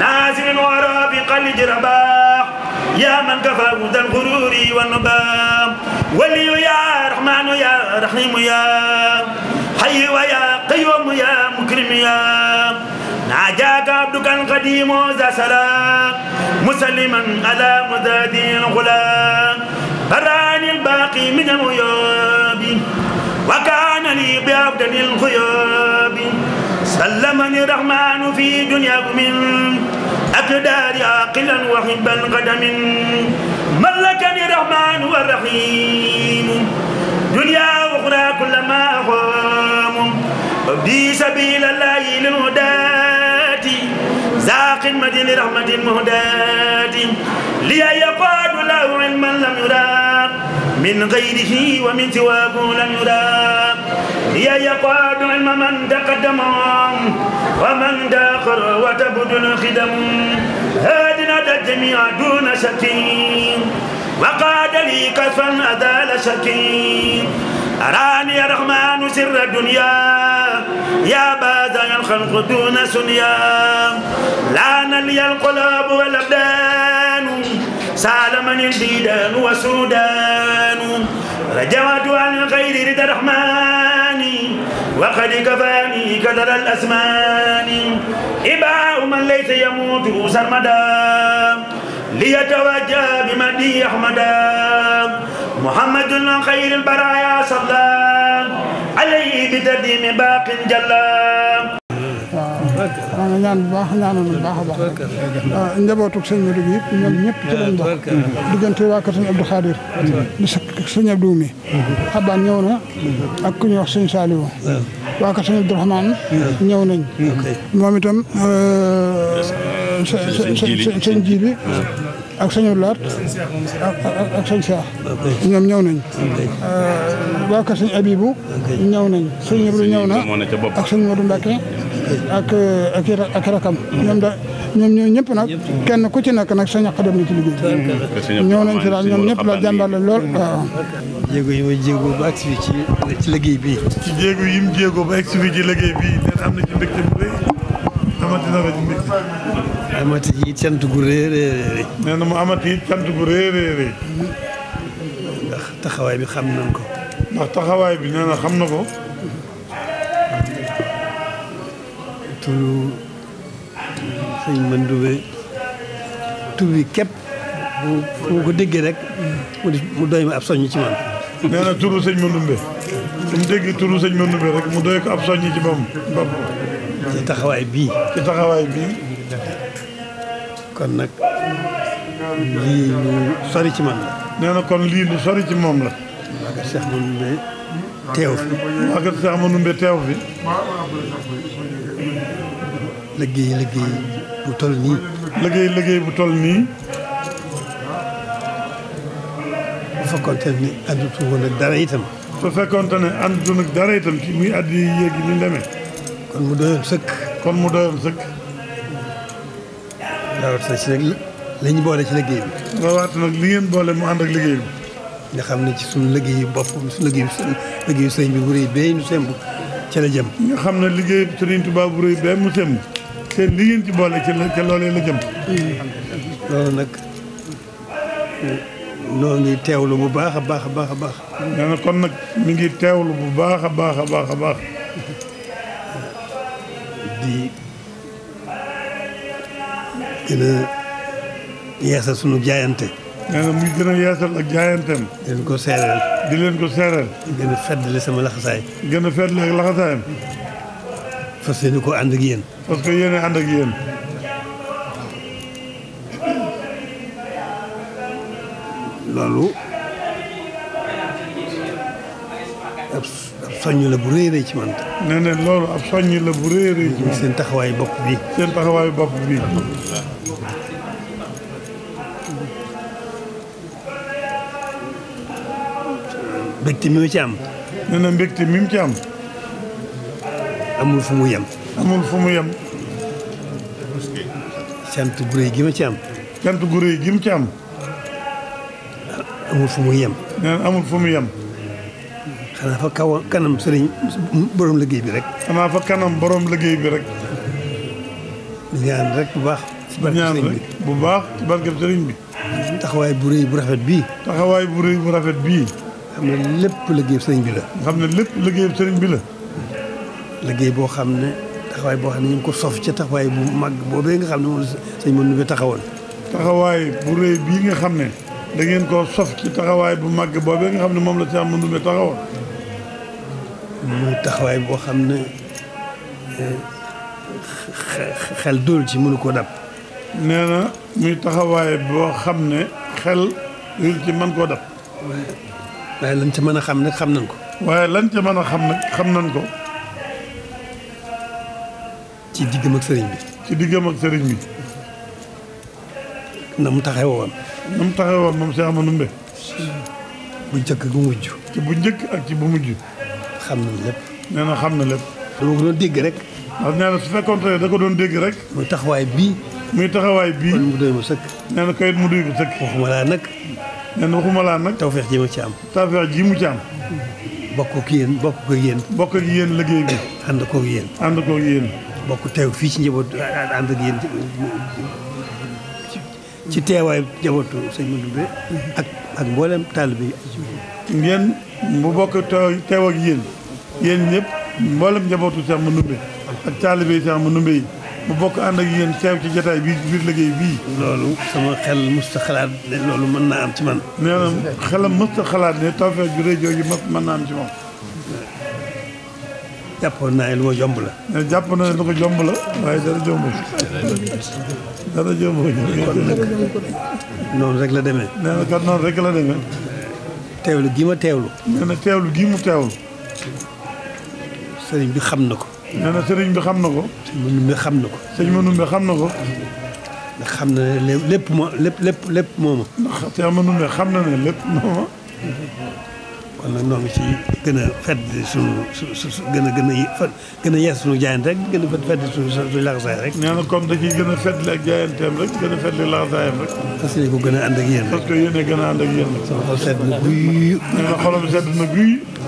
نازل ورافق الجرباح يا من كفى مدى الغرور والنبام ولي يا رحمن يا رحيم يا حي ويا قيوم يا مكرم يا ناجاك عبدك القديم ذا سلام مسلما على مداد الغلام براني الباقي من الغياب وكان لي بعبد الغياب سلمني الرحمن في دنيا من أقدار عاقلا وحبا قدم ملكني الرحمن والرحيم دنيا أخرى كلما أقام بي سبيل الله للهداة زاق مدين رحمة المهداة لي يقاد له علما لم يرى من غيره ومن سواه لم يرى هي يقاد علم من تقدم ومن داخر وتبدل خدم هادنا الجميع دون شك وقاد لي كفا أذال شك أراني يا رحمن سر الدنيا يا باذع الخلق دون سنيا لعن لي القلاب والأبدان سالمني الديدان وسودان رجوت عن غير رضا الرحمن وقد كفاني كدر الأسمان إباء من ليس يموت سرمدا ليتوجه بمدي أحمدا محمد خير البرايا صلى عليه بتديم باق جلا maa ngi ñaan bu baax ñaanal bu baax a baax njabootug sëñ Modou gi ñoom ñëpp ci lañ bokk diggante waa kër sëñ Abdou Khadir di sa sëñ mi xabaan ñëw na ak ku ñuy wax sëñ Saliou waa kër sëñ Abdou Rahman ñëw nañ moom itam sëñ ji ñëw nañ waa kër sëñ Abibou ñëw nañ sëñ Abdou na ak sëñ Modou Mbacke ak ak ak rakam ñoom da ñoom ñoo ñëpp nag kenn ku ci nekk nag sa ñaq dem na ci liggéey ñëw nañ ci daal ñoom ñëpp la jàmbaar la lool waaw jéego yi ma jéego ba agsi ci ci liggéey bii ci jéego yi mu jéego ba agsi ci liggéey bii neen am na ci mbégte bu rëy amati na ko ci mbégte amati yi cant gu rëy rëy rëy nee na mu amati yi cant gu rëy rëy rëy ndax taxawaay bi xam nañ ko ndax taxawaay bi nee na xam na ko turu sëñ Mandoumbe tur bi képp bu fu ma ko déggee rek mu doy mi ab soññ ci man nee na turu sëñ Mandoumbe su mu dégg turu sëñ Mandoumbe rek mu doy ko ab soññ ci moom bopp ci taxawaay bii taxawaay bii kon nag lii lu sori ci man la nee na kon lii lu sori ci moom la waa kat Cheikh Mandoumbe teew fi teew fi liggéey liggéey bu toll nii. liggéey liggéey bu toll nii. bu fekkonte ne àndutu woon ak dara itam. su fekkonte ne àndutu nag dara itam ci muy at yi yéeg yi ni kon mu doyoon sëkk. kon mu doyoon sëkk. rawatina boole ci liggéey bi. rawatina boole mu ànd ak liggéey bi. nga xam ne ci suñu liggéeyu bopp suñu liggéeyu liggéeyu sëñ bi bu rëy bee ñu semb ca jëm. nga xam ne liggéey Sëriñ Tuubaa bu rëy bee mu semb te li ngeen ci boole ci la ci loolee la jëm. loolu nag noo ngi teewlu bu baax a baax a baax a baax. nee na kon nag mi ngi teewlu bu baax a baax a baax a baax. di gën a yeesal sunu jaayante. nee na muy gën a yeesal ak jaayanteem. di leen ko seereel. di leen ko seereel. gën a feddali sama laxasaay. gën a feddali ak laxasaayam. fas yéene ko ànd ak yéen. fas yéene ànd ak yéen. loolu ab soññ la bu rëy rëy ci man. nee na loolu ab soññ la bu rëy rëy ci man seen taxawaayu bopp bi. seen taxawaayu bopp bi. mbégte mi mu ci am. nee na mbégte mi mu ci am. amul fu mu yem. amul fu mu yem. cant gu rëy gi ma ci am. cant gu yi gi ma ci am. amul fu mu yem. amul fu mu yem. xanaa fa kaw kanam sëriñ borom liggéey bi rek. xanaa fa kanam borom liggéey bi rek. ñaan rek bu baax. ci bi bu baax ci barke sëriñ bi. taxawaay bu rëy bu rafet bii. taxawaay bu rëy bu rafet bii. xam ne lépp liggéey sëriñ bi la. xam ne lépp liggéey sëriñ bi la. liggéey boo xam ne taxawaay boo xam ne ñu ngi ko sof ca taxawaay bu mag boobee nga xam ne moom sëñ mën nu taxawoon taxawaay bu réy bii nga xam ne da ngeen koo sof ci taxawaay bu mag boobee nga xam ne moom la Cheikh Mandoumbe taxawoon muy taxawaay boo xam ne eh, xel dóol ci mënu koo dab nee na muy taxawaay boo xam ne xel dóol mën koo dab waaye lañ ca mën a xam nag xam nañ ko waaye lan ca mën a xam nag xam nañ ko ci diggam ak sëriñ bi. ci diggam ak sëriñ mu taxee woon. na mu taxee woon moom Cheikh Ahmadou Mbaye. bu jëkk gu mujj. ci bu njëkk ak ci bu mujj. xam na lépp. nee na xam na lépp. dama ko doon dégg rek. ndax na su fekkoon da ko doon dégg rek. muy taxawaay bii. muy taxawaay bii. kon mu doy ma sëkk. nee na mu doy ma sëkk. waxuma laa nag. nee na waxuma laa nag. tawfeex ji ma ci am. tawfeex ji mu ci am. bokk ak yéen bokk ak yéen. bokk yéen liggéey bi. ànd koog yéen. ànd yéen. bokk teew fii ci njaboot ànd ak yéen ci teewaayu njabootu sëñ mboolem taalibe yi. ngeen mu bokk teew ak yéen yéen ñëpp mboolem njabootu Cheikh Mandoumbe ak taalibe yi Cheikh Mandoumbe yi mu bokk ànd ak yéen teew ci jotaay bii biir liggéey bii. loolu sama xel mësta xalaat loolu mën naa am ci man. nee na xelam xalaat ne tawfeex ju rëy jooju mën naa am ci moom. jàppoon naa lu ma jomb la. mais jàpp na lu ko jomb la waaye dara jombul. dara jombul noonu rek la demee. nee na kat noonu rek la demee. teewlu gii ma teewlu. nee na teewlu gii mu teewlu. sëriñ bi xam na ko. nee na sëriñ bi xam na ko. sëñ Manoumbe xam na ko. sëñ Manoumbe xam na ko. ndax xam na ne lépp moo lépp lépp lépp moo ma. ndax sëñ Manoumbe xam na ne lépp moo ma. kon nag ñoo ngi ci gën a fedd suñu su su gën a gën a gën a yees suñu jaayante rek gën a fedd suñu suñu laxasaay rek. nee na comme da ciy gën a fedd ak jaayanteem rek gën a fedd laxasaayam rek. parce que ko gën a ànd ak yéen rek. parce que yéen a gën a ànd ak yéen rek. sama xol sedd na guy. nee na xolam sedd na guy.